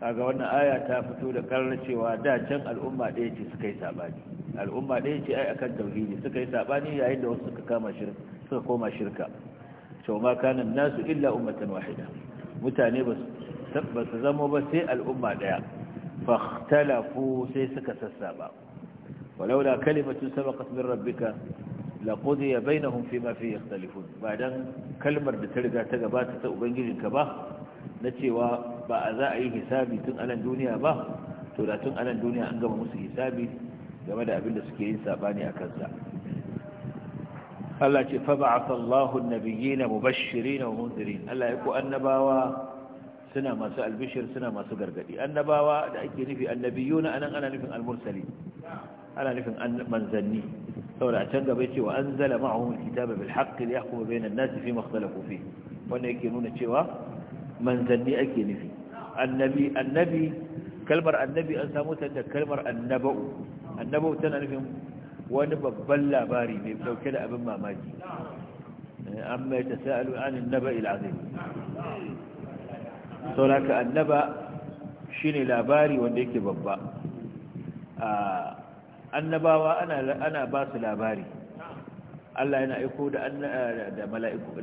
kaga wannan aya ta fito da karar cewa da can al'umma ɗaya ce suka yi sabani al'umma ɗaya ce ai akan tauhidi suka yi sabani yayin da wasu suka kama koma shirka cewa ma kana illa ummatan mutane zama ba sai al'umma ɗaya fahtalafu sai suka sassaba ولولا كلمة سبقت من ربك لقضي بينهم فيما فيه يختلفون بعدين كلمة بترجع تجبات تأبنجل كبه نتشوى بأذائي حسابي تن أنا الدنيا به تلا تن أنا الدنيا أنقم مسي حسابي كما دا أبن سكين ساباني أكذا الله فبعث الله النبيين مبشرين ومنذرين الله يكو النباوى suna masu albishir suna masu gargadi annabawa da ake nufi annabiyuna anan ana nufin almursalin ana nufin manzanni saboda a can gaba ya ce wa an zala ma'ahun kitaba bil haqqi li yahkuma bainan nasi fi makhtalafu fi wannan yake nuna cewa manzanni ake nufi annabi annabi kalmar annabi an samu ta da kalmar annaba'u annaba'u tana nufin wani babban labari mai dauke da abin mamaki amma ya tasa'alu an annaba ilazim saboda annaba shine labari wanda yake babba annabawa ana ba su labari Allah yana aiko da da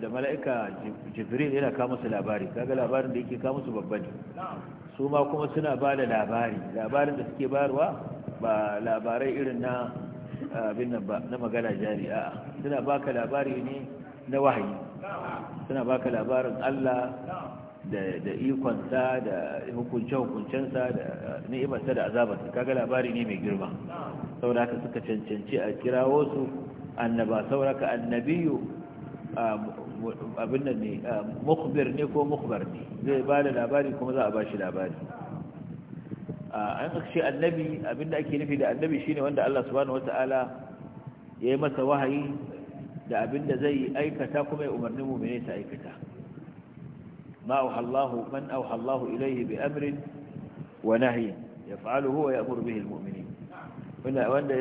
mala'ika jibril yana kama su labari kaga labarin da yake kama su babba ne su ma kuma suna ba da labari labarin da suke bayarwa ba labarai irin na abin nan ba na magana jari suna baka labari ne na wahayi suna baka labarin Allah da ikonsa da hukunce-hukuncensa da ni'imarsa da azabarsa kaga labari ne mai girma saboda haka suka cancanci a kirawo su annaba sauraka annabiyu abin nan ne mukhbir ne ko mukhbar ne zai ba da labari kuma za a ba shi labari an ce annabi abin da ake nufi da annabi shine wanda Allah subhanahu wata'ala ya yi masa wahayi da abin da zai aikata kuma ya umarni mu ta aikata ما أوحى الله من أوحى الله إليه بأمر ونهي يفعله ويأمر به المؤمنين وأن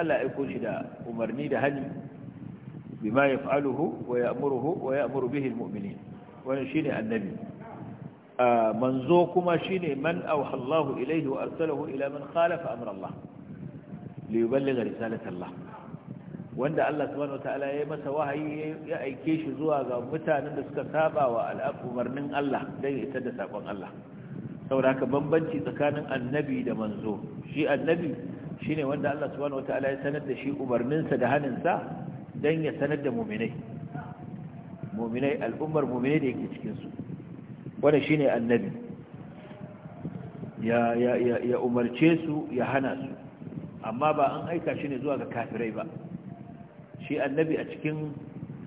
ألا يكون إذا أمرني دهني بما يفعله ويأمره ويأمر به المؤمنين وأنا شيني النبي منزوكما شيني من أوحى الله إليه وأرسله إلى من خالف أمر الله ليبلغ رسالة الله wanda Allah subhanahu wataala ya masa wahayi ya aike shi zuwa ga mutanen da suka saba wa al'umarnin Allah dan ita da sakon Allah saboda haka bambanci tsakanin annabi da manzo shi annabi shine wanda Allah subhanahu wataala ya sanar da shi umarninsa da haninsa dan ya sanar da mu'minai mu'minai al'ummar mu'minai da yake cikin su wanda shine annabi ya ya ya umarce su ya hana su amma ba an aika shi ne zuwa ga kafirai ba shi annabi a cikin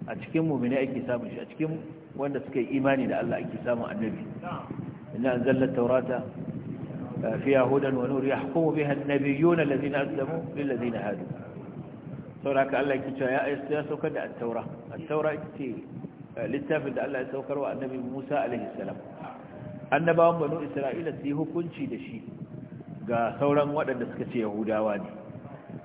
a cikin ake samun shi a cikin wanda suka yi imani da Allah ake samun annabi inna anzalna tawrata eh, fiha hudan wa nur yahkumu biha an-nabiyyun alladhina aslamu lil ladina hadu sauraka Allah yake cewa ya saukar da at-taura at-taura ce eh, littafin da Allah ya saukar wa annabi Musa alaihi salam annabawan banu Isra'ila su yi hukunci da shi ga sauran waɗanda suka ce Yahudawa ne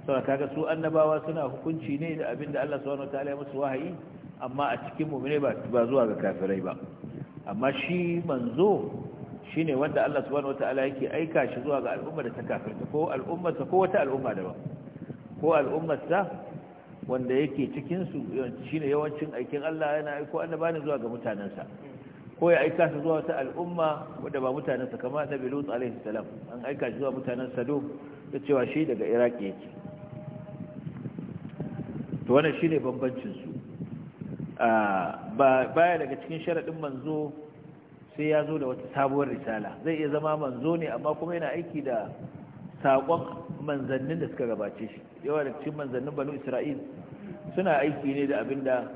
sau kaga su annabawa suna hukunci ne da abin da Allah subhanahu wataala ya musu wahayi amma a cikin mu'mini ba ba zuwa ga kafirai ba amma shi manzo shine wanda Allah subhanahu wataala yake aika shi zuwa ga al'umma da ta kafirta ko al'ummar ko wata al'umma da ba ko al'ummar ta wanda yake cikin su shine yawancin aikin Allah yana aiko annabani zuwa ga mutanansa ko ya aika su zuwa ta al'umma wanda ba mutanensa kama Nabi Lut alaihi salam an aika shi zuwa mutanen Sodom da cewa shi daga Iraki yake to wannan shine bambancin su ba baya daga cikin sharaɗin manzo sai ya zo da wata sabuwar risala zai iya zama manzo ne amma kuma yana aiki da sakon manzannin da suka gabace shi yawa daga cikin manzannin banu isra'il suna aiki ne da abin da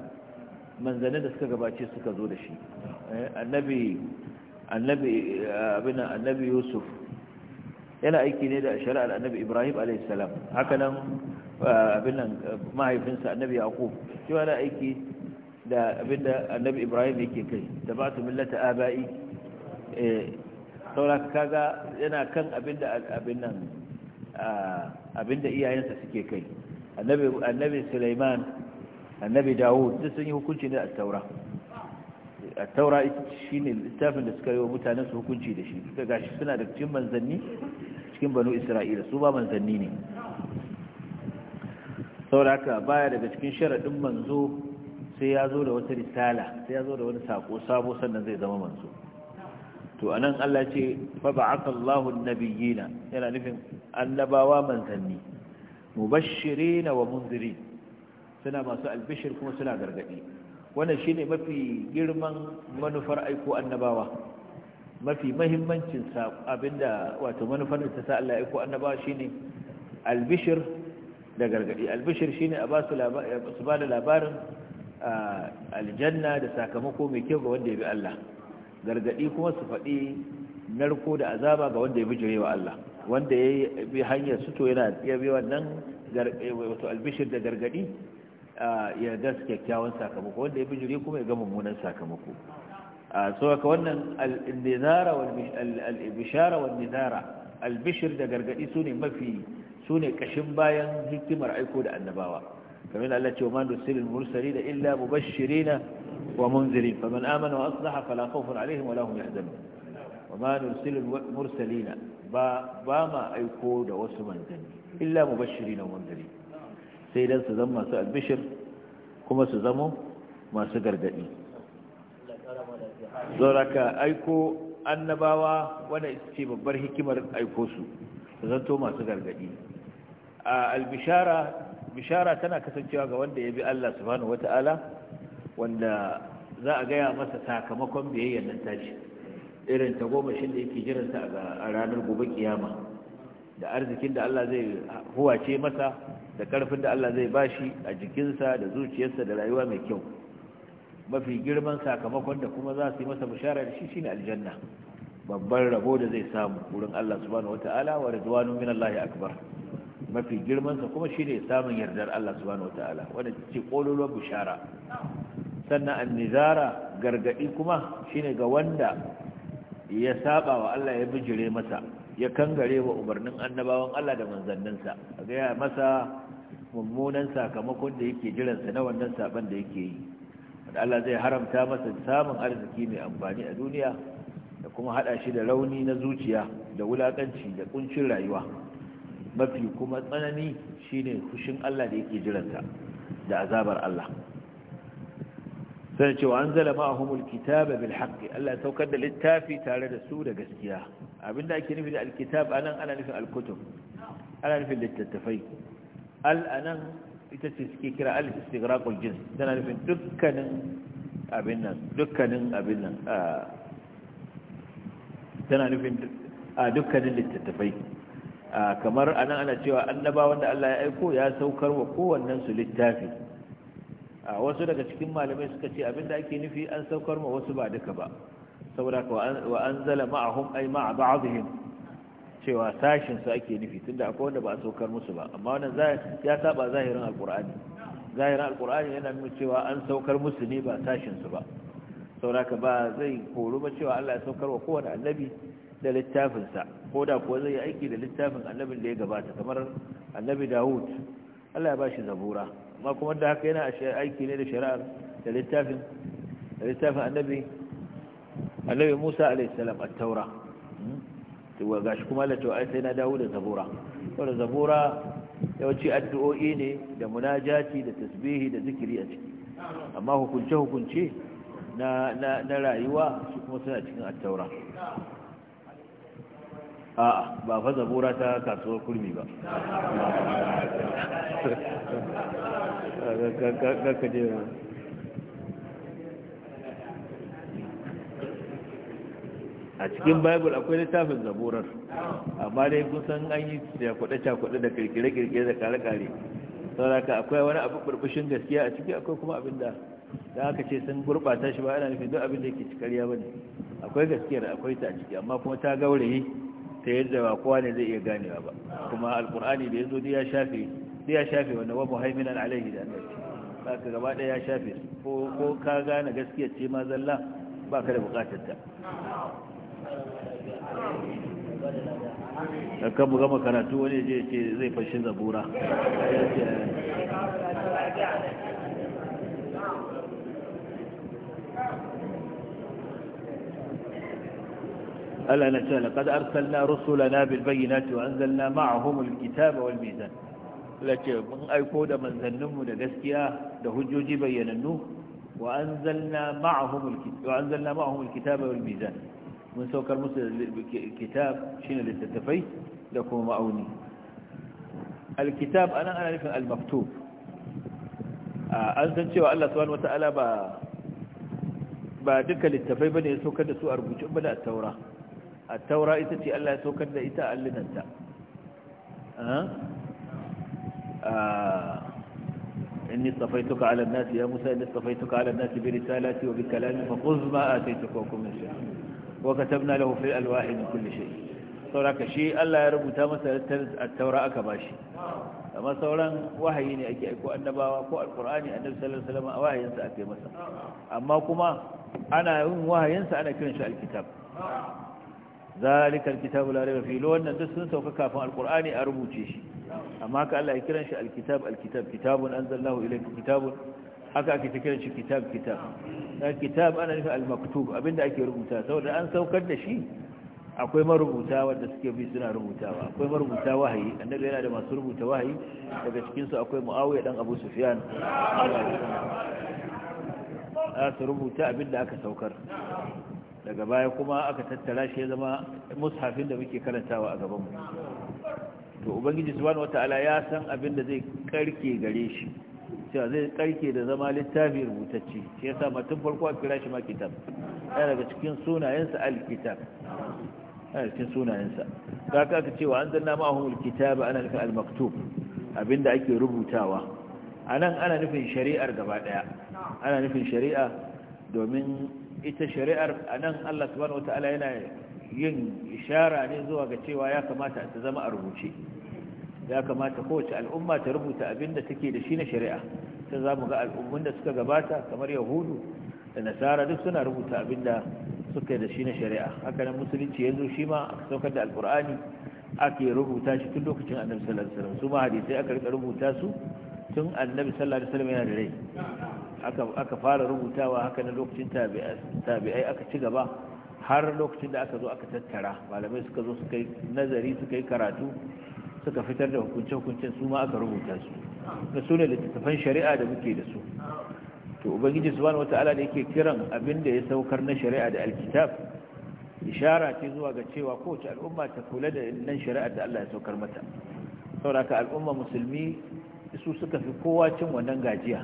manzannin da suka gabace suka zo da shi eh, annabi annabi annabi yusuf yana aiki ne da shari'ar annabi ibrahim a.s. haka nan uh, abin uh, mahaifinsa annabi yaqub shi wani aiki da abin da annabi ibrahim yake kai da ba su millata aba'i eh, saura kaga yana kan abin da abin nan uh, abin da iyayensa suke kai annabi annabi annabi dawud duk sun yi hukunci ne a taura taura shi ne littafin da suka yi wa mutanen su hukunci da shi suka gashi suna da cikin manzanni cikin banu isra'ila su ba manzanni ne sauraka baya daga cikin sharaɗin manzo sai ya zo da wata risala sai ya zo da wani sako sabo sannan zai zama manzo to anan Allah ce fa ba'atha Allahu yana nufin annabawa manzanni mubashirin wa munzirin suna masu albishir kuma suna gargadi wannan shine mafi girman manufar aiko annabawa mafi mahimmancin abinda wato manufar da ta sa Allah ya ko annaba shine albishir da gargadi albishir shine a ba su da labarin aljanna da sakamako mai kyau ga wanda ya bi Allah gargadi kuma su faɗi narko da azaba ga wanda ya bi jirewa Allah wanda ya bi hanyar suto yana ya bi wannan albishir da gargadi ya gaske kyakkyawan sakamako wanda ya jire kuma ya ga mummunan sakamako saboda wannan al-indizara wal al-ibshara wal nidara al-bishr da gargadi sune mafi sune kashin bayan hikimar aiko da annabawa kamar Allah ce wa man dusilul da illa mubashshirina wa munzirin faman amana wa aslaha fala khawfun alaihim wa la hum yahzanun wa ma nursilul mursalina ba ba ma aiko da wasu manzanni illa mubashshirina wa munzirin sai dan su zama masu albishir kuma su zamo masu gargadi zoraka aiko annabawa wanda ita ce babbar hikimar aiko su zanto masu gargadi a albishara bishara tana kasancewa ga wanda ya bi Allah subhanahu wata'ala wanda za a gaya masa sakamakon biyayyar nan tashi irin ta goma tagomashin da yake jiransa a ranar gobe kiyama da arzikin da Allah zai huwace masa da karfin da Allah zai bashi a jikinsa da zuciyarsa da rayuwa mai kyau mafi girman sakamakon da kuma za su yi masa bishara da shi shine aljanna babban rabo da zai samu wurin Allah subhanahu wata'ala wa ridwanu min Allah akbar mafi girman sa kuma shine samun yardar Allah subhanahu wata'ala wanda ce kololuwar bishara sannan annizara gargadi kuma shine ga wanda ya saba wa Allah ya bijire masa ya kangare wa umarnin annabawan Allah da manzanninsa ga ya masa mummunan sakamakon da yake jiransa na wannan saban da yake yi da Allah zai haramta masa samun arziki mai amfani a duniya da kuma hada shi da rauni na zuciya da wulakanci da kuncin rayuwa mafi kuma tsanani shine fushin Allah da yake jiranta da azabar Allah sai ce wa anzala ma'ahumul kitaba bil haqqi Allah ya saukar da littafi tare da su da gaskiya abinda ake nufi da alkitab anan ana nufin alkutub ana nufin littattafai al anan ita ce suke kira al-istighraqul jins tana nufin dukkanin abin nan dukkanin abin nan tana nufin dukkanin littattafai kamar anan ana cewa annabawan da Allah ya aiko ya saukar wa kowannen su littafi wasu daga cikin malamai suka ce abinda ake nufi an saukar ma wasu ba duka ba saboda wa anzala ma'ahum ay ma'a ba'dihim cewa sashin su ake nufi tunda akwai wanda ba a saukar musu ba amma wannan ya saba zahirin alkur'ani zahirin alkur'ani yana nuna cewa an saukar musu ne ba sashin su ba sauraka ba zai koru ba cewa Allah ya saukar wa kowane annabi da littafinsa ko da kuwa zai yi aiki da littafin annabin da ya gabata kamar annabi Dawud Allah ya bashi zabura amma kuma da haka yana aiki ne da shari'ar da littafin da littafin annabi annabi Musa alaihi salam at-Taura tuwa gashi kuma Allah to ai sai na dawo da zabura wanda zabura yawanci addu'o'i ne da munajati da tasbihi da zikiri a ciki amma hukunce hukunce na na rayuwa su kuma suna cikin attaura ba fa zabura ta kasuwar kurmi ba ga ga ga a cikin bible akwai littafin zaburar amma dai kusan an yi da cakuɗe-cakuɗe da kirkire-kirkire da kare-kare sauraka akwai wani abu burbushin gaskiya a ciki akwai kuma abin da da aka ce sun gurɓata shi ba yana nufin duk abin da yake cikariya ba ne akwai gaskiyar akwai ta a ciki amma kuma ta gaurayi ta yadda ba kowa ne zai iya ganewa ba kuma alkur'ani da ya zo ya shafe ya shafe wanda wa muhaiminan alaihi da annabi ka gaba ɗaya ya shafe ko ka gane gaskiyar ce ma zalla ba ka da buƙatar ta kan mu gama karatu wani je ce zai fashe zabura ألا نشاء لقد أرسلنا رسلنا بالبينات وأنزلنا معهم الكتاب والميزان لكن من أيقود من ذنم لقسكيا لهجوج بيننه وأنزلنا معهم الكتاب, وأنزلنا معهم الكتاب والميزان mun saukar musu kitab shine littattafai da kuma ma'auni alkitab anan ana nufin almaktub an san cewa Allah subhanahu wata'ala ba ba duka littattafai bane ya saukar da su a rubuce ba da at-taura A taura ita ce Allah ya saukar da ita a allinanta safaituka إني اصطفيتك على الناس safaituka موسى إني اصطفيتك على الناس برسالتي وبكلامي فخذ ما آتيتك وكن من شاء wa katabna lahu fil alwahi min kulli shay sauraka shi Allah ya rubuta masa at-taura aka bashi amma sauran wahayi ne ake aiko annabawa ko alqur'ani annabi sallallahu alaihi wasallam wahayin sa ake masa amma kuma ana yin wahayin sa ana kiran shi alkitab zalika alkitabu la rayba fihi wannan sun sauka kafin alqur'ani a rubuce shi amma ka Allah ya kiran shi alkitab kitabun kitabun haka ake ta kiran shi kitab kitab da eh, kitab ana nufin al-maktub abinda ake rubuta saboda an saukar da shi akwai marubuta wanda suke bi suna rubutawa akwai marubuta wahayi annabi yana da masu rubuta wahayi daga cikin su akwai muawiya dan abu sufyan a su rubuta abinda aka saukar daga baya kuma aka tattara shi ya zama mushafin da muke karantawa a gaban mu to ubangiji subhanahu wataala ya san abinda zai karke gare shi cewa zai karke da zama littafi rubutacce shi yasa sa matun farko a kira shi ma kitab ɗaya daga cikin sunayensa alkitab ɗaya cikin sunayensa ga ka aka cewa an zanna ma'ahun alkitab ana nufin almaktub abinda ake rubutawa a nan ana nufin shari'ar gaba ɗaya ana nufin shari'a domin ita shari'ar a nan allah subhanahu yana yin ishara ne zuwa ga cewa ya kamata ta zama a rubuce ya kamata kowace al'umma ta rubuta abin da take da shi na shari'a sai za mu ga al'ummun da suka gabata kamar yahudu da nasara duk suna rubuta abin da suka da shi na shari'a haka nan musulunci yanzu shi ma aka saukar da alkur'ani ake rubuta shi tun lokacin annabi sallallahu alaihi wasallam su ma hadisai aka rika rubuta su tun annabi sallallahu alaihi wasallam yana da rai aka aka fara rubutawa haka nan lokacin tabi'ai aka ci gaba har lokacin da aka zo aka tattara malamai suka zo suka yi nazari suka yi karatu suka fitar da hukunce-hukuncen su ma aka rubuta su da su ne littattafan shari'a da muke da su to ubangiji subhanahu wata'ala da yake kiran abin da ya saukar na shari'a da alkitab ishara ce zuwa ga cewa kowace al'umma ta kula da nan shari'ar da Allah ya saukar mata sauraka al'umma musulmi su suka fi kowa cin wannan gajiya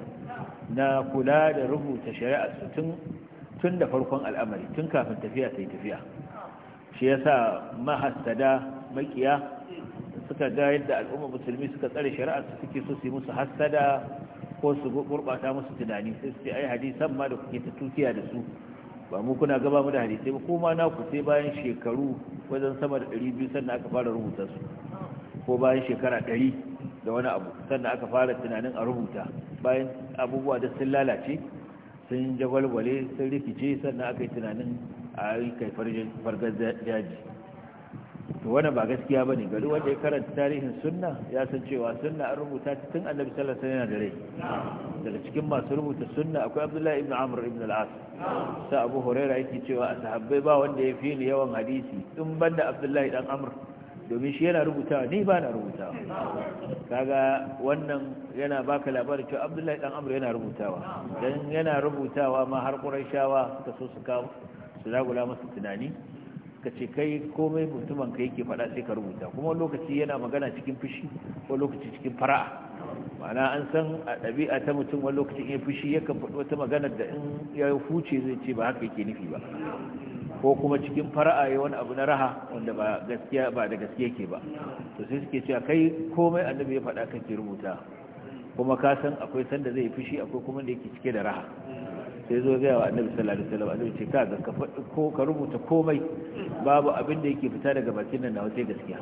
na kula da rubuta shari'a su tun tun da farkon al'amari tun kafin tafiya sai tafiya shi yasa mahassada makiya suka ga yadda al'umma musulmi suka tsare shari'ar su suke so su yi musu hassada ko su gurɓata musu tunani sai su ce ai hadisan ma da kuke ta tutiya da su ba mu kuna gaba mu da hadisai ba kuma na ku sai bayan shekaru wajen sama da ɗari biyu sannan aka fara rubuta su ko bayan shekara ɗari da wani abu sannan aka fara tunanin a rubuta bayan abubuwa da sun lalace sun jagwalwale sun rikice sannan aka yi tunanin a yi kai fargar jaji to wani ba gaskiya bane gari wanda ya karanta tarihin sunna ya san cewa sunna an rubuta ta tun annabi sallallahu alaihi wasallam da rai daga cikin masu rubuta sunna akwai abdullahi ibn amr ibn al-as sa abu huraira yake cewa a sahabbai ba wanda ya fi ni yawan hadisi tun banda abdullahi dan amr domin shi yana rubutawa ni ba na rubutawa kaga wannan yana baka labarin cewa abdullahi dan amr yana rubutawa dan yana rubutawa ma har quraishawa suka so su kawo su zagula masa tunani ka ce kai komai mutumin ka yake faɗa sai ka rubuta kuma lokaci yana magana cikin fushi ko lokaci cikin fara'a ma'ana an san a ɗabi'a ta mutum wani lokacin ya fushi yakan faɗo ta magana da in ya huce zai ce ba haka yake nufi ba ko kuma cikin fara'a ya wani abu na raha wanda ba gaskiya ba da gaskiya ke ba to sai suke cewa kai komai annabi ya faɗa kake rubuta kuma ka san akwai sanda zai fushi akwai kuma da yake cike da raha sai zo gaya wa annabi sallallahu alaihi wasallam annabi ce kaga ka ga ko ka rubuta komai babu abin da yake fita daga bakin nan nawa sai gaskiya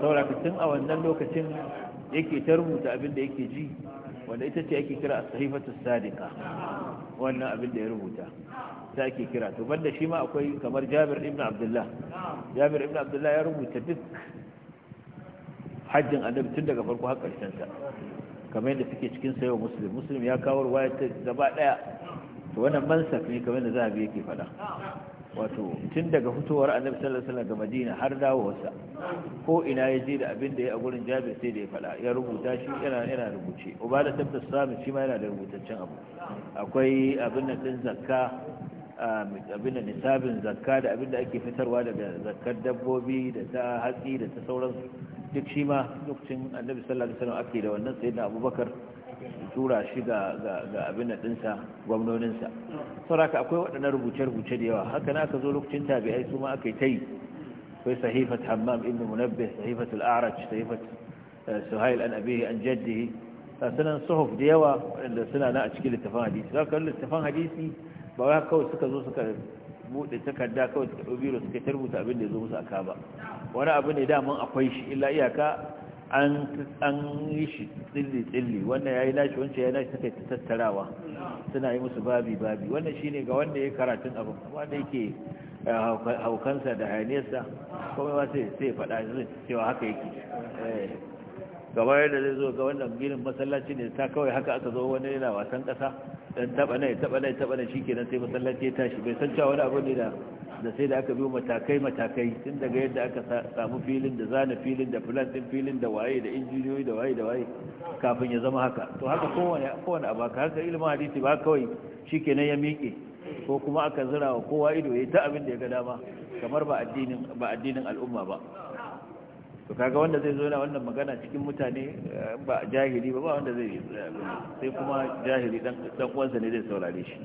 saboda tun a wannan lokacin yake ta rubuta abin da yake ji wanda ita ce ake kira as-sahifatu sadiqa wannan abin da ya rubuta ta ake kira to banda shi ma akwai kamar Jabir ibn Abdullah Jabir ibn Abdullah ya rubuta duk hajjin annabi tun daga farko har karshen sa kamar yadda suke cikin sayo muslim muslim ya kawo ruwaya ta gaba daya to wannan mansak ne kamar yadda za zahabi yake fada wato tun daga fitowar annabi sallallahu alaihi wasallam ga madina har dawowarsa ko ina ya je da abin da ya a gurin jabir sai da ya fada ya rubuta shi yana yana rubuce ubada tabbas sami shi ma yana da rubutaccen abu akwai abin nan din zakka um, abin da nisabin zakka da abin da ake fitarwa daga zakkar dabbobi da ta hatsi da ta sauransu duk shi ma lokacin annabi sallallahu alaihi wasallam ake da wannan sayyidina abubakar tura shi ga ga abin gwamnonin sa sauraka akwai waɗannan rubuce-rubuce da yawa haka na ka zo lokacin tabi'ai su ma aka yi ta yi akwai sahifat hammam ibn munabbih sahifat al-a'raj sahifat eh, suhail an abihi an jaddihi sanan suhuf da yawa waɗanda suna na a cikin littafin hadisi za ka littafin hadisi ba wai kawai suka zo suka buɗe takarda kawai suka ɗau biro suka tarbuta abin da ya zo musu a kaba wani abu ne daman akwai shi illa iyaka an yi shi tsilli-tsilli wannan ya yi nashi wancan ya nashi suka tattarawa suna yi musu babi-babi wannan shi ne ga wanda ya karatun abu wanda yake eh, haukansa da hayaniyarsa kuma sai faɗa cewa haka yake eh. gaba yadda zai zo ga wannan ginin masallaci ne ta kawai haka aka zo wani yana wasan kasa dan taba nai taba nai taba shikenan sai masallaci ya tashi bai san cewa wani abu ne da da sai da aka biyo matakai matakai tun daga yadda aka samu filin da zana filin da filantin filin da waye da injiniyoyi da waye da waye kafin ya zama haka to haka kowane kowane abu haka haka ilimin hadisi ba kawai shikenan ya miƙe ko kuma aka zira wa kowa ido yayi ta abin da ya ga dama kamar ba addinin ba addinin al'umma ba to kaga wanda zai zo yana wannan magana cikin mutane eh, ba jahili ba ba wanda zai yi eh, sai kuma jahili dan uwansa ne zai saurare shi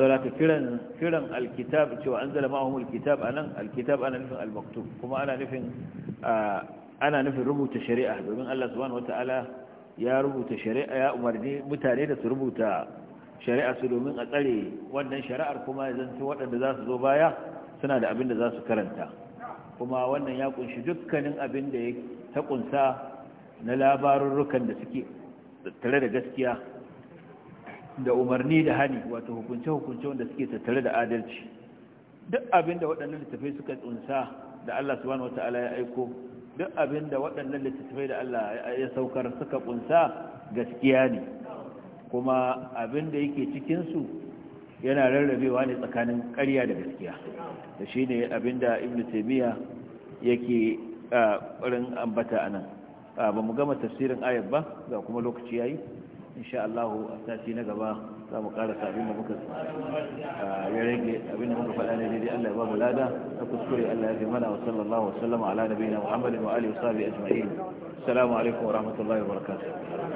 sauraka kiran kiran alkitab cewa anzala ma'ahum alkitab anan alkitab ana nufin almaktub kuma ana nufin ana nufin rubuta shari'a domin Allah subhanahu wataala ya rubuta shari'a ya umarni mutane da su rubuta shari'a su domin a tsare wannan shari'ar kuma ya zanto waɗanda za su zo baya suna da abin da za su karanta kuma wannan ya kunshi dukkanin abin da ya taƙunsa na labarurrukan da suke tattare da gaskiya da umarni da hani wato hukunce-hukunce wanda suke tattare da adalci duk abin da waɗannan littattafai suka tsunsa da Allah subhanahu wata'ala ya aiko duk abin da waɗannan littattafai da Allah ya saukar suka kunsa gaskiya ne kuma abin da yake cikinsu yana rarrabewa ne tsakanin ƙarya da gaskiya da shi ne abinda ibn taimiyya yake ƙarin ambata a nan ba mu gama tafsirin ayat ba ga kuma lokaci yayi insha allahu a sati na gaba za mu ƙarasa abinda muka ya rage abinda muka faɗa ne daidai Allah ya ba mu lada na kuskure Allah ya fi mana wa sallallahu wa sallama ala nabiyina Muhammadin wa alihi wa sahbihi ajma'in assalamu alaikum wa rahmatullahi wa barakatuh